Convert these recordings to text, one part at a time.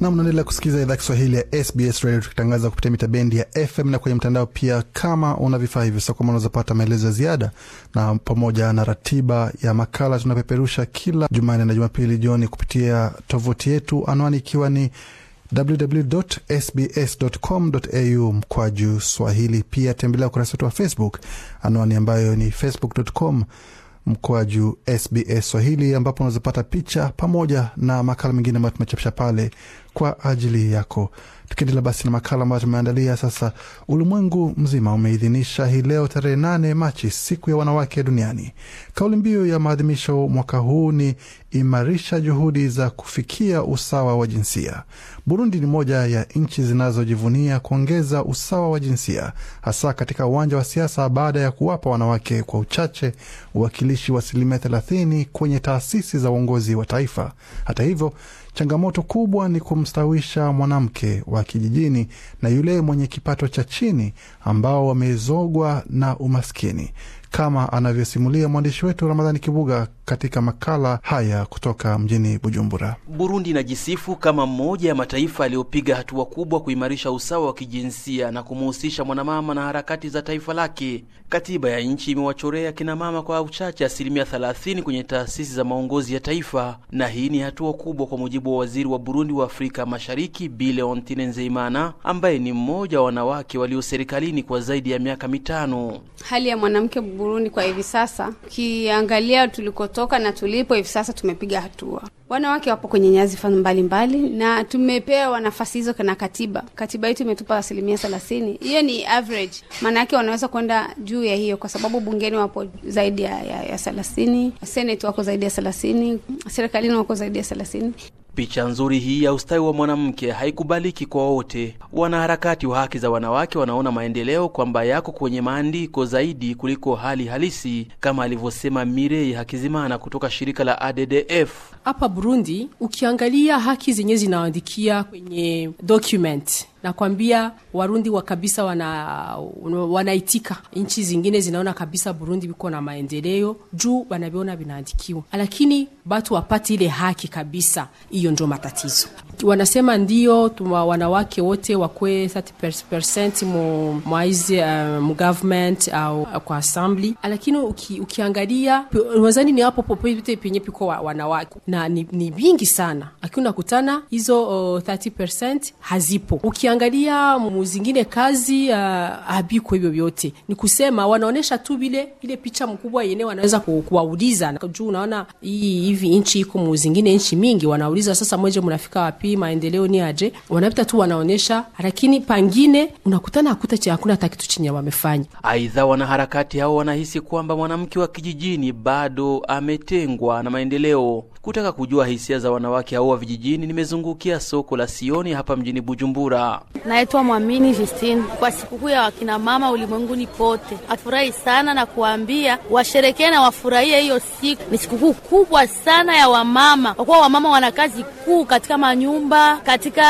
na mnaendelea kusikiliza idhaa Kiswahili ya SBS Radio tukitangaza kupitia mita bendi ya FM na kwenye mtandao pia. Kama una vifaa hivyo sasa, kama unazopata maelezo ya ziada na pamoja na ratiba ya makala tunapeperusha kila Jumanne na Jumapili jioni kupitia tovuti yetu, anwani ikiwa ni www.sbs.com.au juu swahili. Pia tembelea ukurasa wetu wa Facebook, anwani ambayo ni facebook.com mkwaju SBS Swahili, ambapo unazopata picha pamoja na makala mengine ambayo tumechapisha pale kwa ajili yako. Tukiendelea basi na makala ambayo tumeandalia sasa, ulimwengu mzima umeidhinisha hii leo tarehe nane Machi siku ya wanawake duniani. Kauli mbiu ya maadhimisho mwaka huu ni imarisha juhudi za kufikia usawa wa jinsia. Burundi ni moja ya nchi zinazojivunia kuongeza usawa wa jinsia, hasa katika uwanja wa siasa, baada ya kuwapa wanawake kwa uchache uwakilishi wa asilimia thelathini kwenye taasisi za uongozi wa taifa. Hata hivyo Changamoto kubwa ni kumstawisha mwanamke wa kijijini na yule mwenye kipato cha chini ambao wamezogwa na umaskini kama anavyosimulia mwandishi wetu Ramadhani Kibuga katika makala haya kutoka mjini Bujumbura. Burundi inajisifu kama mmoja ya mataifa yaliyopiga hatua kubwa kuimarisha usawa wa kijinsia na kumuhusisha mwanamama na harakati za taifa lake. Katiba ya nchi imewachorea kinamama kwa uchache asilimia 30 kwenye taasisi za maongozi ya taifa, na hii ni hatua kubwa, kwa mujibu wa waziri wa Burundi wa Afrika Mashariki Bileontine Nzeimana, ambaye ni mmoja wa wanawake walio serikalini kwa zaidi ya miaka mitano. Hali ya mwanamke Burundi kwa hivi sasa, ukiangalia tulikotoka na tulipo hivi sasa, tumepiga hatua. Wanawake wapo kwenye nyadhifa mbalimbali na tumepewa nafasi hizo na katiba. Katiba yetu imetupa asilimia thelathini. Hiyo ni average, maana yake wanaweza kwenda juu ya hiyo, kwa sababu bungeni wapo zaidi ya thelathini, seneti wako zaidi ya thelathini, serikalini wako zaidi ya thelathini. Picha nzuri hii ya ustawi wa mwanamke haikubaliki kwa wote. Wanaharakati wa haki za wanawake wanaona maendeleo kwamba yako kwenye maandiko zaidi kuliko hali halisi, kama alivyosema Mirei Hakizimana kutoka shirika la ADDF hapa Burundi. Ukiangalia haki zenyewe zinaandikia kwenye document nakwambia Warundi wa kabisa wana wanaitika. Nchi zingine zinaona kabisa Burundi biko na maendeleo juu wanavyona vinaandikiwa, lakini batu wapate ile haki kabisa. Hiyo ndio matatizo. Wanasema ndio tuma wanawake wote wakwe 30% mu mwaizi uh, mu eh, au uh, kwa assembly, lakini uki, ukiangalia wazani ni hapo popote penye piko wa, wanawake na ni, ni vingi sana, lakini unakutana hizo uh, 30% hazipo ukiangalia ukiangalia muzingine kazi uh, habiko hivyo vyote, ni kusema wanaonesha tu vile ile picha mkubwa yenyewe wanaweza kuwauliza juu. Unaona hii hivi nchi iko muzingine nchi mingi, wanauliza sasa, mweje mnafika wapi? maendeleo ni aje? wanapita tu wanaonesha, lakini pangine unakutana hakuta cha hakuna hata kitu chenye wamefanya. Aidha, wanaharakati hao wanahisi kwamba mwanamke wa kijijini bado ametengwa na maendeleo. Kutaka kujua hisia za wanawake hao wa vijijini, nimezungukia soko la Sioni hapa mjini Bujumbura. Naitwa Mwamini Justine. Kwa sikukuu ya wakinamama ulimwenguni pote, afurahi sana na kuambia washerekee na wafurahie hiyo siku. Ni sikukuu kubwa sana ya wamama, kwa kuwa wamama wana kazi kuu katika manyumba, katika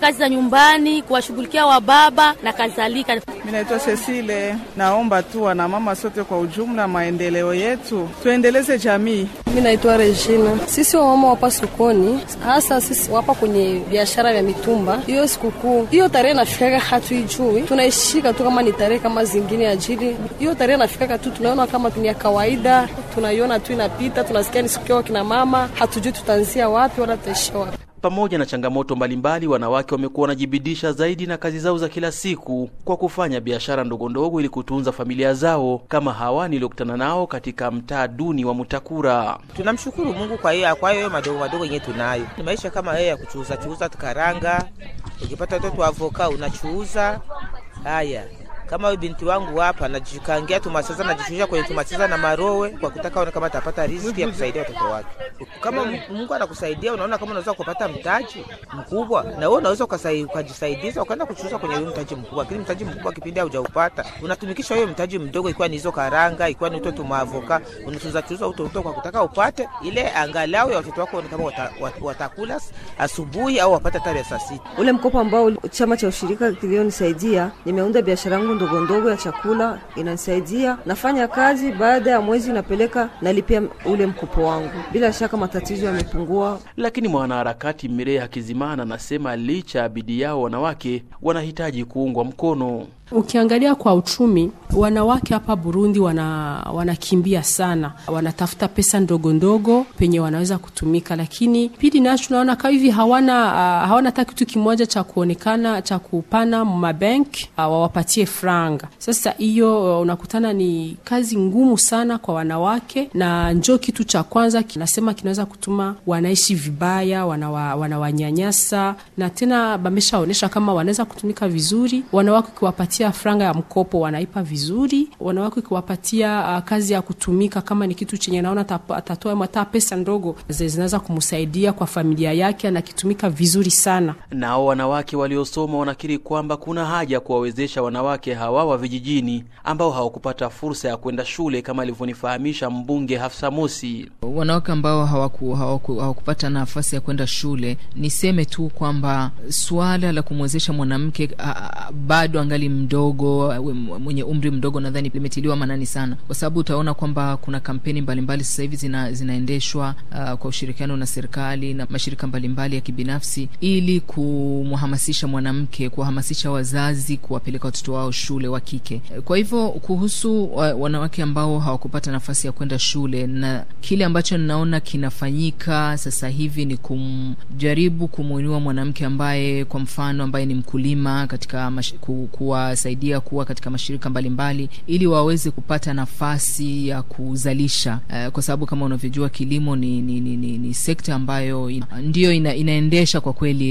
kazi za nyumbani, kuwashughulikia wababa na kadhalika. Mi naitwa Cecile. Naomba tu wanamama sote kwa ujumla, maendeleo yetu tuendeleze jamii. Mimi naitwa Regina. Sisi wamama wapa sokoni, hasa sisi wapa kwenye biashara ya mitumba. Hiyo sikukuu hiyo tarehe nafikaka hatuijui, tunaishika tu kama ni tarehe kama zingine ajili. Hiyo tarehe nafikaka tu tunaona kama ni ya kawaida, tunaiona tu inapita, tunasikia ni siku ya kina mama, hatujui tutaanzia wapi wala tutaishia wapi. Pamoja na changamoto mbalimbali, wanawake wamekuwa wanajibidisha zaidi na kazi zao za kila siku kwa kufanya biashara ndogo ndogo ili kutunza familia zao, kama hawa niliokutana nao katika mtaa duni wa Mutakura. Tunamshukuru Mungu kwa hiyo kwa hiyo madogo madogo yenye tunayo, ni maisha kama yeye ya kuchuuza chuuza, tukaranga, ukipata watoto avoka unachuuza. Haya, kama huyu binti wangu hapa najikangia, tumacheza najishusha kwenye tumacheza na marowe kwa kutaka aone kama atapata riziki ya kusaidia watoto wake. Kama Mungu anakusaidia, unaona kama unaweza kupata mtaji mkubwa, na wewe unaweza ukajisaidiza ukaenda kuchuza kwenye huyo mtaji mkubwa, lakini mtaji mkubwa kipindi haujaupata unatumikisha huyo mtaji mdogo, ikiwa ni hizo karanga, ikiwa ni uto tumavoka, unachuza chuza uto uto kwa kutaka upate ile angalau ya watoto wako kama wata, watakula asubuhi au wapate tarehe saa sita. Ule mkopo ambao chama cha ushirika kilionisaidia, nimeunda biashara yangu ndogo ndogo ya chakula inanisaidia, nafanya kazi, baada ya mwezi napeleka nalipia ule mkopo wangu. Bila shaka matatizo yamepungua. Lakini mwanaharakati Mirea Hakizimana anasema licha ya bidii yao wanawake wanahitaji kuungwa mkono. Ukiangalia kwa uchumi, wanawake hapa Burundi wana, wanakimbia sana, wanatafuta pesa ndogo ndogo penye wanaweza kutumika, lakini pili nacho naona kama hivi hawana uh, hawana hata kitu kimoja cha kuonekana cha kupana mabank uh, wawapatie franga. Sasa hiyo uh, unakutana ni kazi ngumu sana kwa wanawake, na njo kitu cha kwanza kinasema kinaweza kutuma wanaishi vibaya, wanawa, wanawanyanyasa na tena bameshaonyesha kama wanaweza kutumika vizuri wanawake ukiwapatia kuwapatia franga ya mkopo wanaipa vizuri. Wanawake ukiwapatia uh, kazi ya kutumika, kama ni kitu chenye naona atatoa mata pesa ndogo zinaweza kumsaidia kwa familia yake, anakitumika vizuri sana. Nao wanawake waliosoma wanakiri kwamba kuna haja ya kuwawezesha wanawake hawa wa vijijini ambao hawakupata fursa ya kwenda shule, kama alivyonifahamisha mbunge Hafsa Mosi. Wanawake ambao hawaku, hawaku, hawakupata nafasi ya kwenda shule, niseme tu kwamba suala la kumwezesha mwanamke bado angali mdogo, mwenye umri mdogo, nadhani limetiliwa manani sana, kwa sababu utaona kwamba kuna kampeni mbalimbali sasa hivi zina, zinaendeshwa uh, kwa ushirikiano na serikali na mashirika mbalimbali ya kibinafsi ili kumhamasisha mwanamke, kuwahamasisha wazazi kuwapeleka watoto wao shule wa kike. Kwa hivyo kuhusu uh, wanawake ambao hawakupata nafasi ya kwenda shule, na kile ambacho ninaona kinafanyika sasa hivi ni kumjaribu kumuinua mwanamke ambaye, kwa mfano, ambaye ni mkulima katika kuwa kuwasaidia kuwa katika mashirika mbalimbali mbali, ili waweze kupata nafasi ya kuzalisha uh, kwa sababu kama unavyojua kilimo ni, ni, ni, ni, ni sekta ambayo ina, ndiyo ina, inaendesha kwa kweli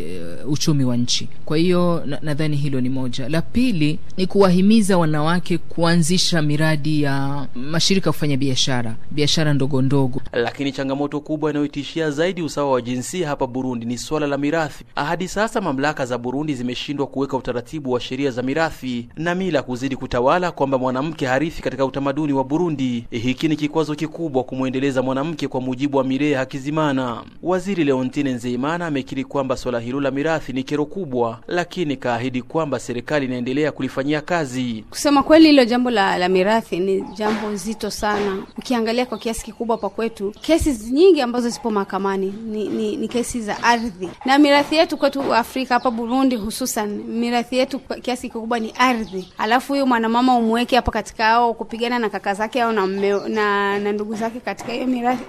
eh, uchumi wa nchi. Kwa hiyo nadhani na hilo ni moja. La pili ni kuwahimiza wanawake kuanzisha miradi ya mashirika kufanya biashara biashara ndogo ndogo. Lakini changamoto kubwa inayotishia zaidi usawa wa jinsia hapa Burundi ni swala la mirathi. Hadi sasa mamlaka za Burundi zimeshindwa kuweka utaratibu wa sheria sheria za mirathi na mila kuzidi kutawala kwamba mwanamke harithi katika utamaduni wa Burundi. Eh, hiki ni kikwazo kikubwa kumwendeleza mwanamke kwa mujibu wa Mirehe Hakizimana. Waziri Leontine Nzeimana amekiri kwamba swala hilo la mirathi ni kero kubwa, lakini kaahidi kwamba serikali inaendelea kulifanyia kazi. Kusema kweli, hilo jambo la, la mirathi ni jambo zito sana. Ukiangalia kwa kiasi kikubwa pa kwetu, kesi nyingi ambazo zipo mahakamani ni, ni, ni kesi za ardhi na mirathi yetu kwetu Afrika hapa Burundi, hususan mirathi yetu kiasi kikubwa ni ardhi, alafu huyu mwanamama umweke hapa katika hao kupigana na kaka zake au na na, na ndugu zake katika hiyo mirathi,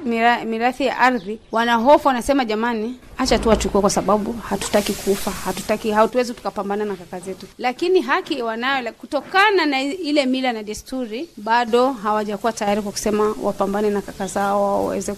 mirathi ya ardhi. Wanahofu, wanasema jamani, acha tu wachukue, kwa sababu hatutaki kufa, hatutaki, hatuwezi tukapambana na kaka zetu, lakini haki wanayo kutokana na ile mila na desturi. Bado hawajakuwa tayari kwa kusema wapambane na kaka zao waweze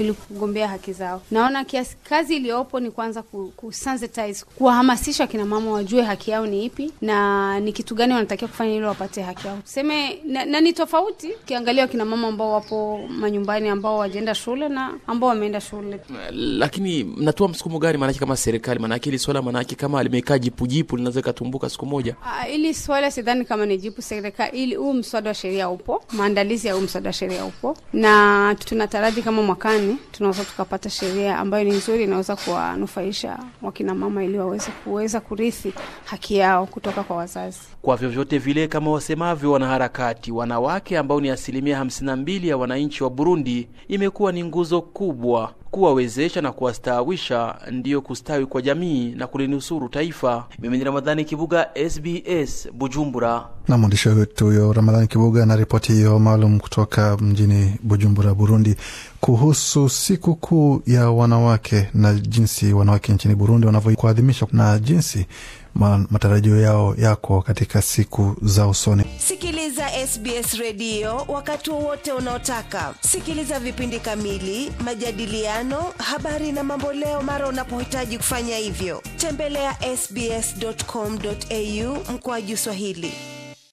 ili kugombea haki zao. Naona kiasi kazi iliyopo ni kwanza kusensitize, kuwahamasisha kina mama wajue haki yao ni ipi na ni kitu gani wanatakiwa kufanya ili wapate haki yao. Tuseme na, na ni tofauti ukiangalia kina mama ambao wapo manyumbani ambao wajaenda shule na ambao wameenda shule. Lakini mnatoa msukumo gani maanake kama serikali, maanake hili swala maanake kama limekaa jipu linaweza likatumbuka siku moja? Ah, ili swala sidhani kama ni jipu serikali, ili huu mswada wa sheria upo, maandalizi ya huu mswada wa sheria upo na tunataraji kama mwakani gani tunaweza tukapata sheria ambayo ni nzuri, inaweza kuwanufaisha wakinamama ili waweze kuweza kurithi haki yao kutoka kwa wazazi. Kwa vyovyote vile, kama wasemavyo wanaharakati, wanawake ambao ni asilimia 52 ya wananchi wa Burundi, imekuwa ni nguzo kubwa kuwawezesha na kuwastawisha, ndiyo kustawi kwa jamii na kulinusuru taifa. Mimi ni Ramadhani Kibuga, SBS Bujumbura. Na mwandishi wetu huyo Ramadhani Kibuga na ripoti hiyo maalum kutoka mjini Bujumbura, Burundi, kuhusu sikukuu ya wanawake na jinsi wanawake nchini Burundi wanavyokuadhimisha na jinsi matarajio yao yako katika siku za usoni. Sikiliza SBS redio wakati wowote unaotaka. Sikiliza vipindi kamili, majadiliano, habari na mamboleo mara unapohitaji kufanya hivyo. Tembelea sbs.com.au mkoaju Swahili.